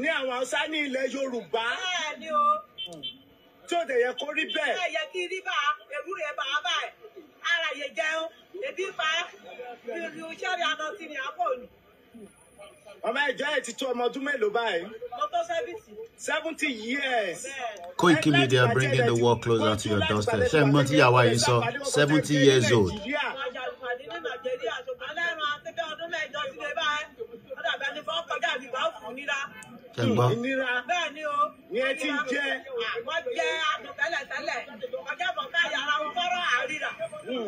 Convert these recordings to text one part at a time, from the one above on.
ní àwọn haúsá ní ilẹ̀ yorùbá tí ò dẹ̀ yẹ kó rí bẹ́ẹ̀. ẹ yẹ kí rí bá èrú bá a báyìí ara yẹ jẹun ebi pa ní iṣẹ́ rẹ àná sí ni ọmọ ìjọ ẹ ti tó ọmọ ọdún mélòó báyìí. mo tó seventy years. Koiki Media bringing the war closer to your doorstep ṣé ẹ̀gbọ́n tí yàwá yìí sọ seventy years old. ọjà ìpàdé ní nàìjíríà ṣùgbọ́n lẹ́rùn àti bí ọdún mẹ́jọ ẹgbọ́. bẹ́ẹ̀ ni o ní ẹ ti jẹ. wọ́n jẹ adùn tẹ́lẹ̀ tẹ́lẹ̀ ọjọ́bọ̀ yàrá òun fọ́rọ́ àríra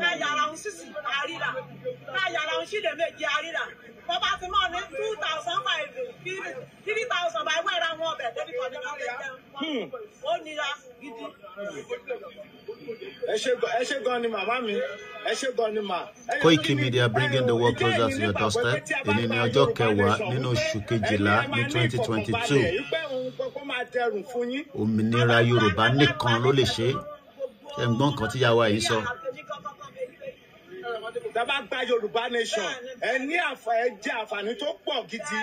ká yàrá òun hmm. sísì àríra ká yàrá òun sídèméjì àríra. Hmm. ó nira gidi. Koiki Media bringing the world closer to your doorstep. Èyí ni ọjọ́ kẹwàá nínú oṣù kejìlá ní twenty twenty two. Òmìnira Yorùbá nìkan ló lè ṣe é. Ṣé ń gbọ́n kan tí yàwá yìí sọ? Dábà gba Yorùbá nation, ẹ ní àǹfààní jẹ́ àǹfààní tó pọ̀ gidi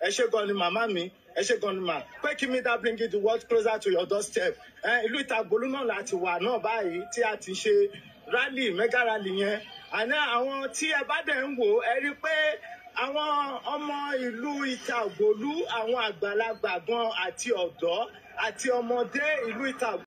ẹ ṣe gan ni màmá mi ẹ ṣe gan ni mà pé kí mi dá bring it the world closer to your doorstep ìlú ìtàgbòlú náà láti wà náà báyìí tí a ti ṣe rally mega rally yẹn àná àwọn tí ẹ bá dẹ̀ ń wò ẹ rí i pé àwọn ọmọ ìlú ìtàgbòlú àwọn àgbàlagbà gan àti ọ̀dọ́ àti ọmọdé ìlú ìtàgbòlú.